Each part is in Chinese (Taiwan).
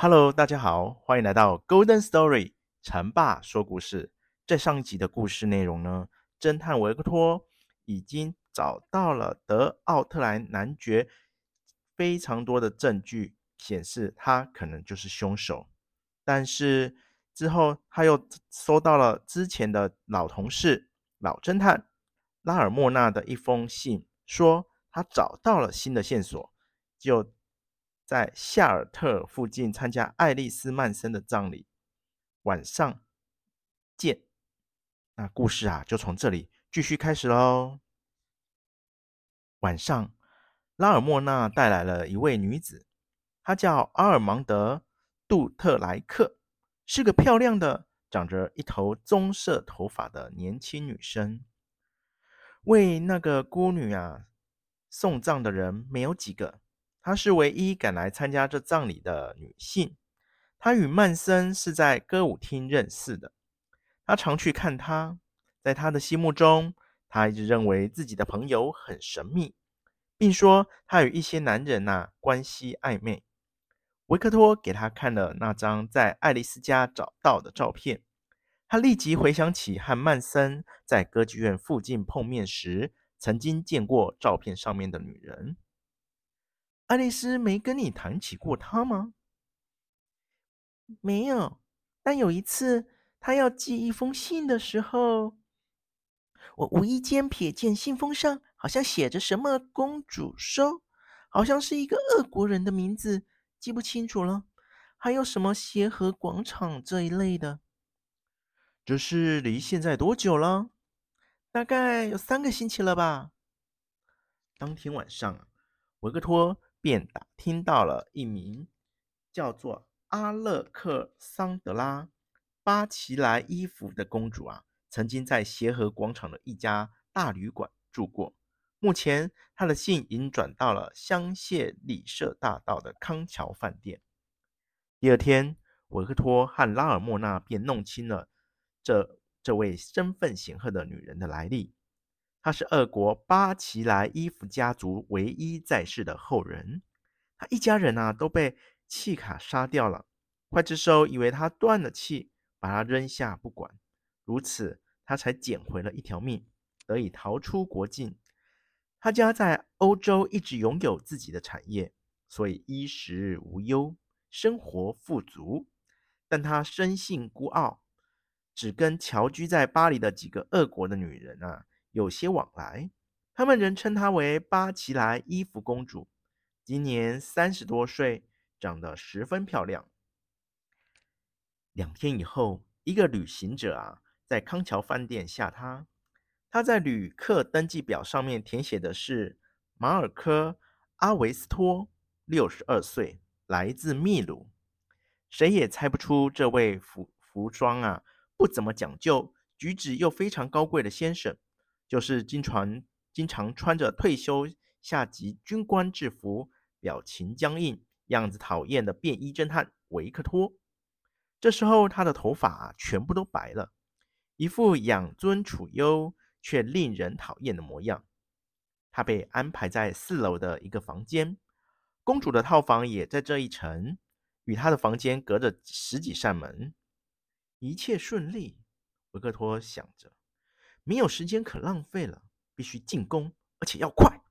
Hello，大家好，歡迎來到《Golden Story》陳爸說故事。在上一集的故事內容呢，偵探維克托已經找到了德奧特蘭男爵非常多的證據，顯示他可能就是凶手。但是之後他又收到了之前的老同事老偵探。拉爾莫納的一封信說，他找到了新的線索，就在夏爾特附近參加愛麗絲曼森的葬禮。晚上見。那故事啊，就從這裡繼續開始嘍。晚上，拉爾莫納帶來了一位女子，她叫阿爾芒德·杜特萊克，是個漂亮的、長着一頭棕色頭髮的年輕女生。為那個孤女啊送葬的人沒有幾個，她是唯一敢來參加這葬禮的女性。她與曼森是在歌舞廳認識的，她常去看他。在她的心目中，她一直認為自己的朋友很神秘，並說她與一些男人吶、啊、關係曖昧。維克托給她看了那張在愛麗絲家找到的照片。他立即回想起和曼森在歌劇院附近碰面時，曾經見過照片上面的女人。愛麗絲沒跟你談起過她嗎？沒有。但有一次，她要寄一封信的時候，我無意間瞥見信封上好像寫着什麼“公主收”，好像是一個俄國人的名字，記不清楚了。還有什麼協和廣場這一類的。這是離現在多久了？大概有三個星期了吧。當天晚上，維克托便打聽到了一名叫做阿勒克桑德拉·芭琦萊伊芙的公主啊，曾經在協和廣場的一家大旅館住過。目前，她的信已經轉到了香榭麗舍大道的康橋飯店。第二天，維克托和拉爾莫納便弄清了。這這位身份顯赫的女人的來歷，她是俄國芭琦萊伊芙家族唯一在世的後人。她一家人呢、啊、都被契卡殺掉了。劊子手以為他斷了氣，把他扔下不管，如此他才撿回了一條命，得以逃出國境。他家在歐洲一直擁有自己的產業，所以衣食無憂，生活富足。但他生性孤傲，只跟僑居在巴黎的幾個俄國的女人啊有些往來。他們人稱她為芭琦萊伊芙公主，今年三十多歲，長得十分漂亮。兩天以後，一個旅行者啊在康橋飯店下榻。他在旅客登記表上面填寫的是馬爾科阿維斯托，六十二歲，來自秘魯。誰也猜不出這位服服裝啊。不怎麼講究，舉止又非常高貴的先生，就是經常經常穿着退休下級軍官制服，表情僵硬，樣子討厭的便衣偵探維克托。這時候他的頭髮全部都白了，一副養尊處優卻令人討厭的模樣。他被安排在四樓的一個房間，公主的套房也在這一層，與他的房間隔着十幾扇門。一切順利，維克托想着，沒有時間可浪費了，必須進攻，而且要快。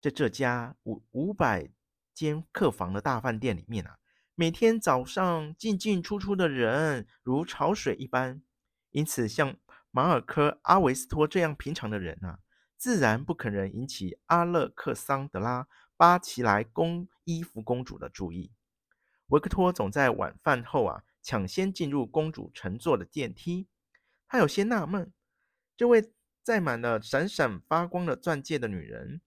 在這家五五百間客房的大飯店裡面啊,每天早上進進出出的人如潮水一般，因此像馬爾科·阿維斯托這樣平常的人啊，自然不可能引起阿勒克桑德拉·巴奇萊公伊芙公主的注意。維克托總在晚飯後啊。搶先進入公主乘坐的電梯，他有些納悶：這位載滿了閃閃發光的鑽戒的女人，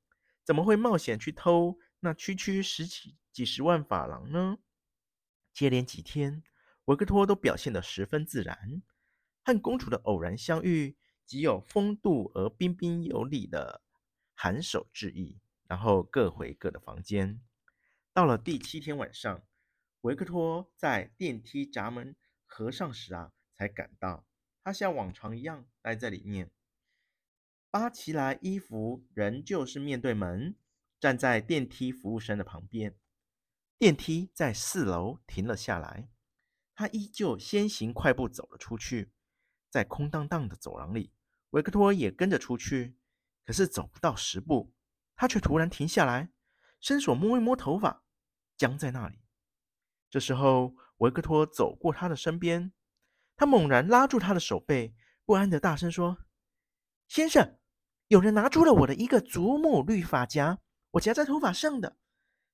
怎麼會冒險去偷那區區十幾幾十萬法郎呢？接連幾天，維克托都表現得十分自然，和公主的偶然相遇，極有風度而彬彬有禮的頷首致意，然後各回各的房間。到了第七天晚上。維克托在電梯閘門合上時啊，才趕到。他像往常一樣待在裡面。芭琦萊伊芙仍舊是面對門，站在電梯服務生的旁邊。電梯在四樓停了下來，他依舊先行快步走了出去。在空蕩蕩的走廊裡，維克托也跟着出去。可是走不到十步，他卻突然停下來，伸手摸一摸頭髮，僵在那裡。這時候，維克托走過他的身邊，他猛然拉住他的手背，不安的大聲說：“先生，有人拿住了我的一個祖母綠髮夾，我夾在頭髮上的，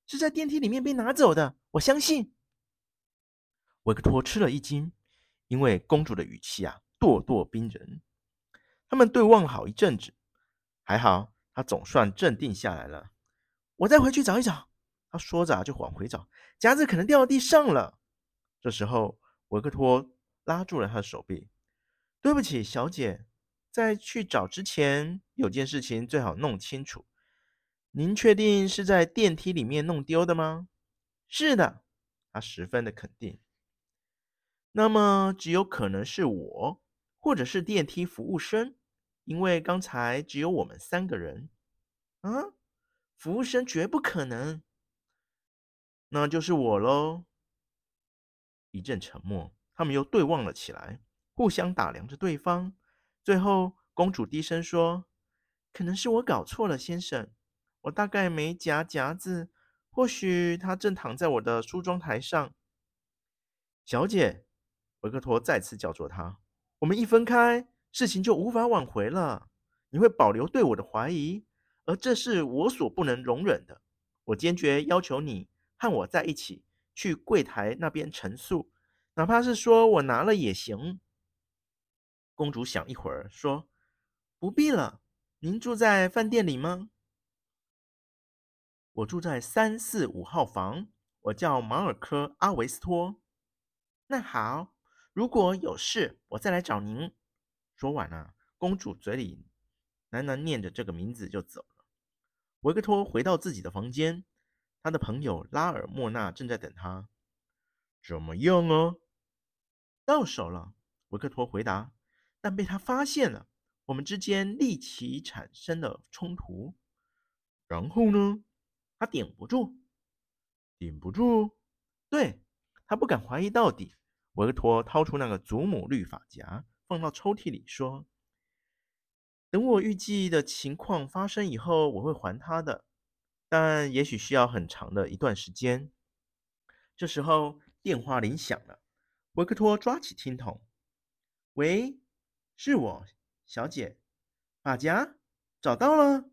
是在電梯裡面被拿走的。我相信。”維克托吃了一驚，因為公主的語氣啊，咄咄逼人。他們對望了好一陣子，還好，他總算鎮定下來了。我再回去找一找。他說着他就往回找，夾子可能掉到地上了。這時候維克托拉住了他的手臂：“對不起，小姐，在去找之前，有件事情最好弄清楚。您確定是在電梯裡面弄丟的嗎？”“是的。”他十分的肯定。“那麼，只有可能是我，或者是電梯服務生，因為剛才只有我們三個人。”“啊，服務生絕不可能。”那就是我嘍。一陣沉默，他們又對望了起來，互相打量着對方。最後，公主低聲說：“可能是我搞錯了，先生，我大概沒夾夾子，或許他正躺在我的梳妝台上。”小姐，維克托再次叫住他：“我們一分開，事情就無法挽回了。你會保留對我的懷疑，而這是我所不能容忍的。我堅決要求你。”和我在一起去櫃檯那邊陳述，哪怕是說我拿了也行。公主想一會兒，說：“不必了，您住在飯店裡嗎？我住在三四五號房，我叫馬爾科·阿維斯托。那好，如果有事，我再來找您。”說完了，公主嘴裡喃喃念着這個名字就走了。維克托回到自己的房間。他的朋友拉爾莫納正在等他。怎麼樣啊？到手了。維克托回答，但被他發現了。我們之間立即產生了衝突。然後呢？他頂不住，頂不住。對，他不敢懷疑到底。維克托掏出那個祖母綠髮夾，放到抽屜裡，說：“等我預計的情況發生以後，我會還他的。”但也許需要很長的一段時間。這時候電話鈴響了，維克托抓起聽筒：“喂，是我，小姐，髮夾找到了，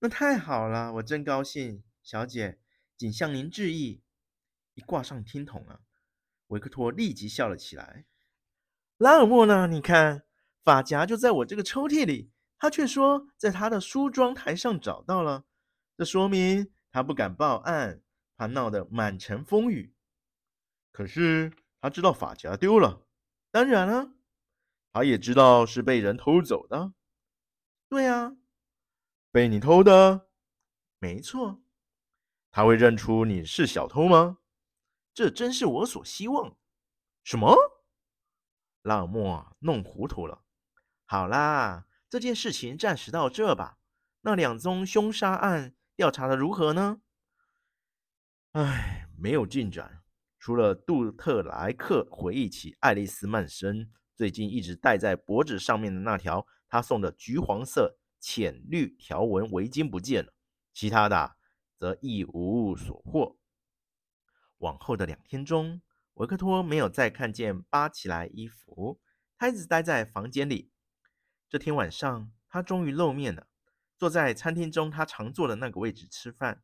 那太好了，我真高興，小姐，謹向您致意。”一掛上聽筒了、啊，維克托立即笑了起來：“拉爾莫納？你看，髮夾就在我這個抽屜裡，他卻說在他的梳妝台上找到了。”這說明他不敢報案，怕鬧得滿城風雨。可是他知道髮夾丟了，當然了、啊，他也知道是被人偷走的。對啊，被你偷的？沒錯，他會認出你是小偷嗎？這真是我所希望。什麼？拉爾莫弄糊塗了。好啦，這件事情暫時到這吧。那兩宗兇殺案。調查的如何呢？哎，沒有進展。除了杜特萊克回憶起愛麗絲曼森最近一直戴在脖子上面的那條他送的橘黃色淺綠條紋圍巾不見了，其他的則一無所獲。往後的兩天中，維克托沒有再看見芭琦萊伊芙，他一直待在房間裡。這天晚上，他終於露面了。坐在餐廳中，他常坐的那個位置吃飯。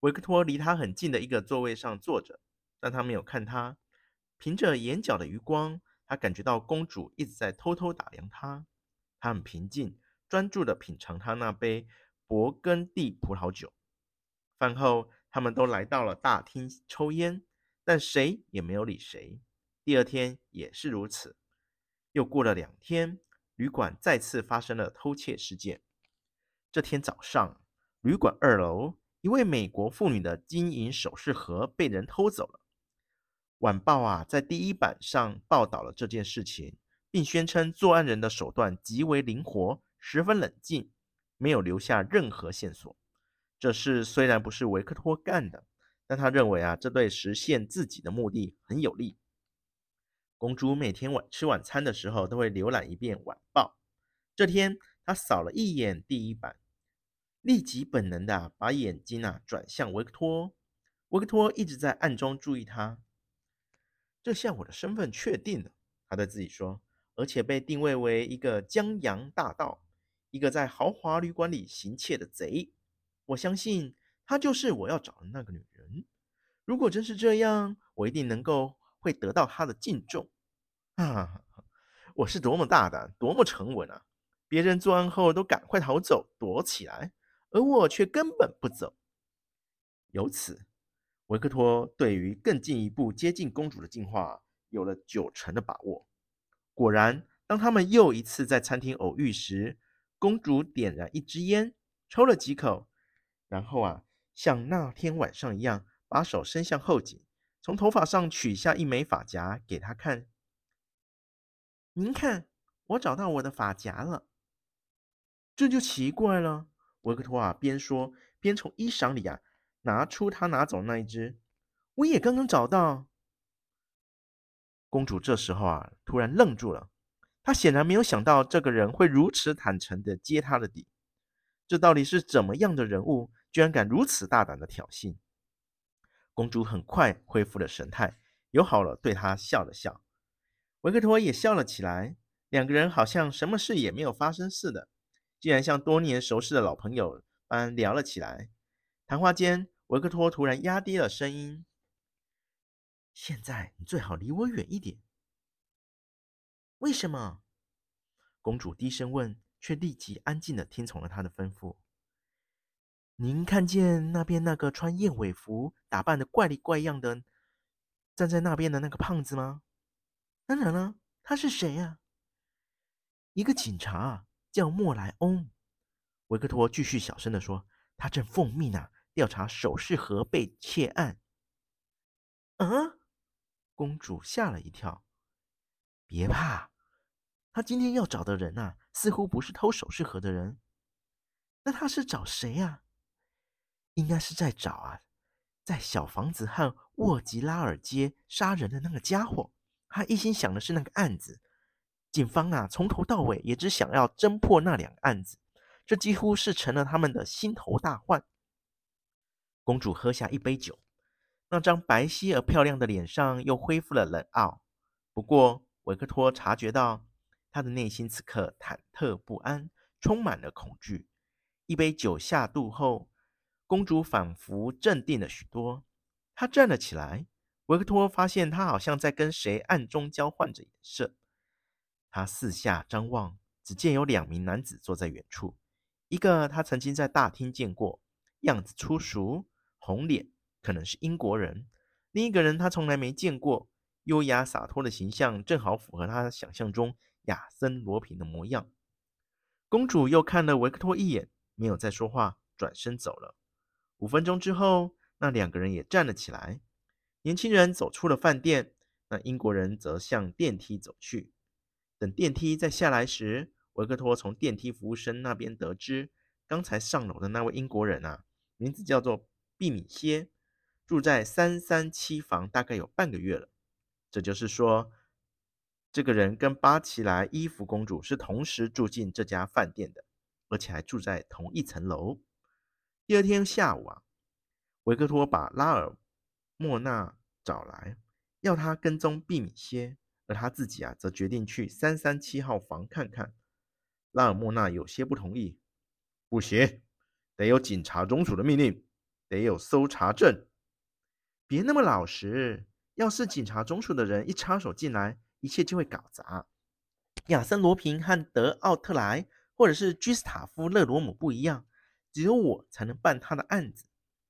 維克托離他很近的一個座位上坐着，但他沒有看他。憑着眼角的餘光，他感覺到公主一直在偷偷打量他。他很平靜，專注地品嘗他那杯勃艮第葡萄酒。飯後，他們都來到了大廳抽菸，但誰也沒有理誰。第二天也是如此。又過了兩天，旅館再次發生了偷竊事件。這天早上，旅館二樓一位美國婦女的金銀首飾盒被人偷走了。晚報啊，在第一版上報道了這件事情，並宣稱作案人的手段極為靈活，十分冷靜，沒有留下任何線索。這事雖然不是維克托幹的，但他認為啊，這對實現自己的目的很有利。公主每天晚吃晚餐的時候都會瀏覽一遍晚報。這天，她掃了一眼第一版。立即本能地把眼睛啊轉向維克托，維克托一直在暗中注意他。這下我的身份確定了，他對自己說，而且被定位為一個江洋大盜，一個在豪華旅館裡行竊的賊。我相信他就是我要找的那個女人。如果真是這樣，我一定能夠會得到她的敬重。哈、啊，我是多麼大膽，多麼沉穩啊！別人作案後都趕快逃走，躲起來。而我卻根本不走。由此，維克托對於更進一步接近公主的進化有了九成的把握。果然，當他們又一次在餐廳偶遇時，公主點燃一支菸，抽了幾口，然後啊，像那天晚上一樣，把手伸向後頸，從頭髮上取下一枚髮夾給他看。您看，我找到我的髮夾了。這就奇怪了。維克托啊，邊說邊從衣裳裡啊拿出他拿走的那一隻，我也剛剛找到。公主這時候啊突然愣住了，她顯然沒有想到這個人會如此坦誠的揭她的底，這到底是怎麼樣的人物，居然敢如此大膽的挑釁？公主很快恢復了神態，友好了對他笑了笑，維克托也笑了起來，兩個人好像什麼事也沒有發生似的。竟然像多年熟識的老朋友般聊了起來。談話間，維克托突然壓低了聲音：“現在你最好離我遠一點。”“為什麼？”公主低聲問，卻立即安靜地聽從了他的吩咐。“您看見那邊那個穿燕尾服、打扮得怪裡怪樣的，站在那邊的那個胖子嗎？”“當然了，他是誰呀？”“一個警察。”叫莫萊歐，維克托繼續小聲地說：“他正奉命啊，調查首飾盒被竊案。啊”嗯，公主嚇了一跳。別怕，他今天要找的人啊，似乎不是偷首飾盒的人。那他是找誰啊？應該是在找啊，在小房子和沃吉拉爾街殺人的那個傢伙。他一心想的是那個案子。警方啊，從頭到尾也只想要偵破那兩個案子，這幾乎是成了他們的心頭大患。公主喝下一杯酒，那張白皙而漂亮的臉上又恢復了冷傲。不過，維克托察覺到她的內心此刻忐忑不安，充滿了恐懼。一杯酒下肚後，公主仿佛鎮定了許多。她站了起來，維克托發現她好像在跟誰暗中交換着眼色。他四下張望，只見有兩名男子坐在遠處，一個他曾經在大廳見過，樣子粗俗，紅臉，可能是英國人；另一個人他從來沒見過，優雅灑脫的形象正好符合他想象中亞森·羅蘋的模樣。公主又看了維克托一眼，沒有再說話，轉身走了。五分鐘之後，那兩個人也站了起來，年輕人走出了飯店，那英國人則向電梯走去。等電梯再下來時，維克托從電梯服務生那邊得知，剛才上樓的那位英國人啊，名字叫做畢米歇，住在三三七房，大概有半個月了。這就是說，這個人跟芭琦萊伊芙公主是同時住進這家飯店的，而且還住在同一層樓。第二天下午啊，維克托把拉爾莫納找來，要他跟蹤畢米歇。而他自己啊，則決定去三三七號房看看。拉爾莫納有些不同意：“不行，得有警察中署的命令，得有搜查證。別那麼老實，要是警察中署的人一插手進來，一切就會搞砸。”亞森·羅平和德奧特萊，或者是居斯塔夫·勒羅姆不一樣，只有我才能辦他的案子，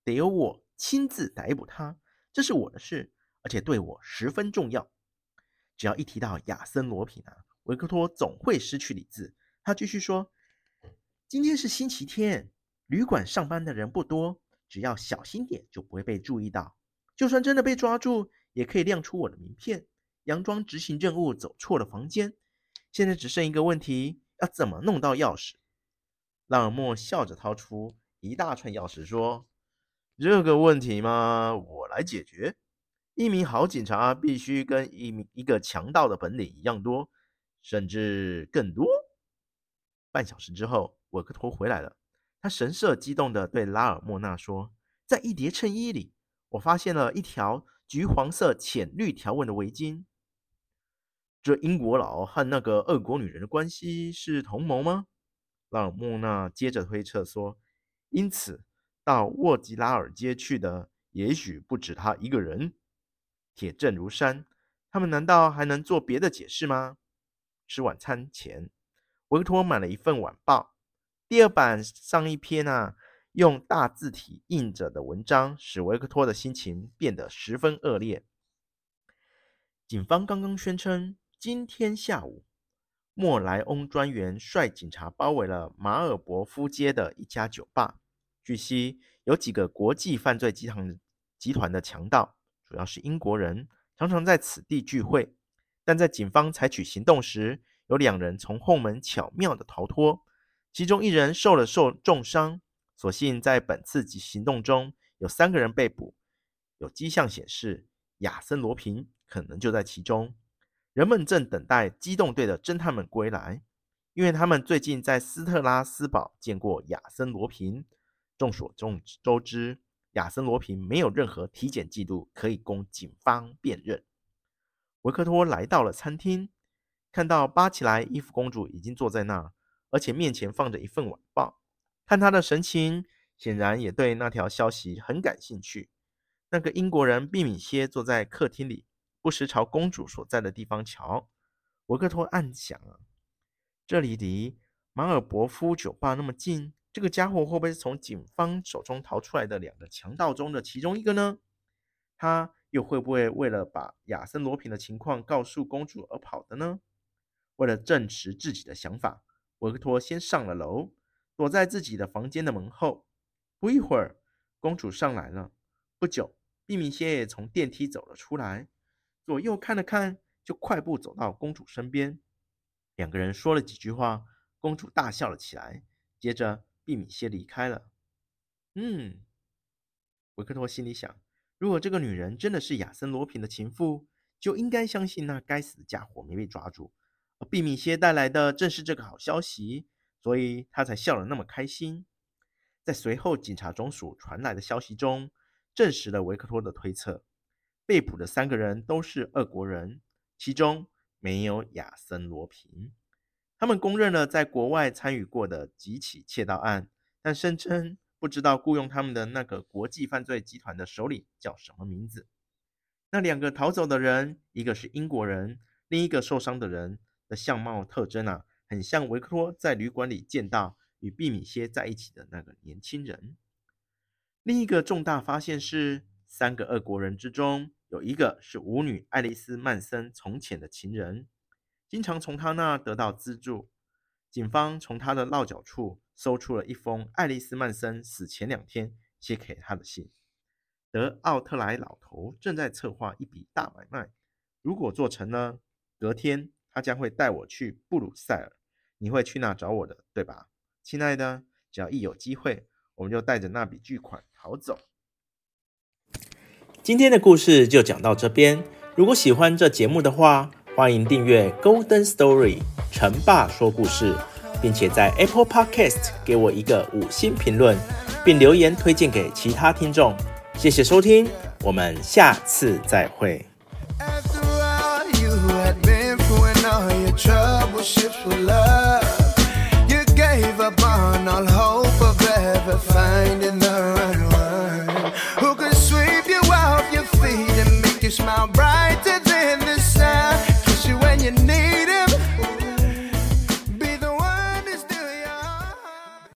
得由我親自逮捕他，這是我的事，而且對我十分重要。只要一提到亞森羅蘋啊，維克托總會失去理智。他繼續說：“今天是星期天，旅館上班的人不多，只要小心點就不會被注意到。就算真的被抓住，也可以亮出我的名片，佯裝執行任務走錯了房間。現在只剩一個問題，要怎麼弄到鑰匙？”拉爾莫笑着掏出一大串鑰匙說：“這個問題嘛，我來解決。”一名好警察必須跟一名一個強盜的本領一樣多，甚至更多。半小時之後，維克托回來了，他神色激動地對拉爾莫納說：“在一疊襯衣裡，我發現了一條橘黃色、淺綠條紋的圍巾。這英國佬和那個俄國女人的關係是同謀嗎？”拉爾莫納接着推測說：“因此，到沃吉拉爾街去的也許不止他一個人。”鐵證如山，他們難道還能做別的解釋嗎？吃晚餐前，維克托買了一份晚報。第二版上一篇啊，用大字體印着的文章，使維克托的心情變得十分惡劣。警方剛剛宣稱，今天下午，莫萊翁專員率警察包圍了馬爾伯夫街的一家酒吧。據悉，有幾個國際犯罪集團集團的強盜。主要是英國人常常在此地聚會，但在警方採取行動時，有兩人從後門巧妙地逃脫，其中一人受了受重傷。所幸在本次行動中有三個人被捕，有跡象顯示亞森羅蘋可能就在其中。人們正等待機動隊的偵探們歸來，因為他們最近在斯特拉斯堡見過亞森羅蘋。眾所眾周知。亞森·羅蘋沒有任何體檢記錄可以供警方辨認。維克托來到了餐廳，看到芭琦萊伊芙公主已經坐在那兒，而且面前放着一份晚報。看她的神情，顯然也對那條消息很感興趣。那個英國人畢米歇坐在客廳裡，不時朝公主所在的地方瞧。維克托暗想：這裡離馬爾伯夫酒吧那麼近。這個家伙會不會是從警方手中逃出來的兩個強盜中的其中一個呢？他又會不會為了把亞森羅蘋的情況告訴公主而跑的呢？為了證實自己的想法，維克托先上了樓，躲在自己的房間的門後。不一會兒，公主上來了。不久，畢米先也從電梯走了出來，左右看了看，就快步走到公主身邊。兩個人說了幾句話，公主大笑了起來，接着。畢米歇離開了。嗯，維克托心裡想：如果這個女人真的是亞森羅蘋的情婦，就應該相信那該死的傢伙沒被抓住。而畢米歇帶來的正是這個好消息，所以他才笑得那麼開心。在隨後警察總署傳來的消息中，證實了維克托的推測：被捕的三個人都是俄國人，其中沒有亞森羅蘋。他們供認了在國外參與過的幾起竊盜案，但聲稱不知道僱傭他們的那個國際犯罪集團的首領叫什麼名字。那兩個逃走的人，一個是英國人，另一個受傷的人的相貌特徵啊，很像維克托在旅館裡見到與畢米歇在一起的那個年輕人。另一個重大發現是，三個俄國人之中有一個是舞女愛麗絲·曼森從前的情人。經常從他那得到資助。警方從他的落腳處搜出了一封愛麗絲曼森死前兩天寫給他的信。德奧特萊老頭正在策劃一筆大買賣，如果做成了，隔天他將會帶我去布魯塞爾。你會去那找我的，對吧，親愛的？只要一有機會，我們就帶着那筆巨款逃走。今天的故事就講到這邊。如果喜歡這節目的話，歡迎訂閱《Golden Story》成爸說故事，並且在 Apple Podcast 給我一個五星評論，並留言推薦給其他聽眾。謝謝收聽，我們下次再會。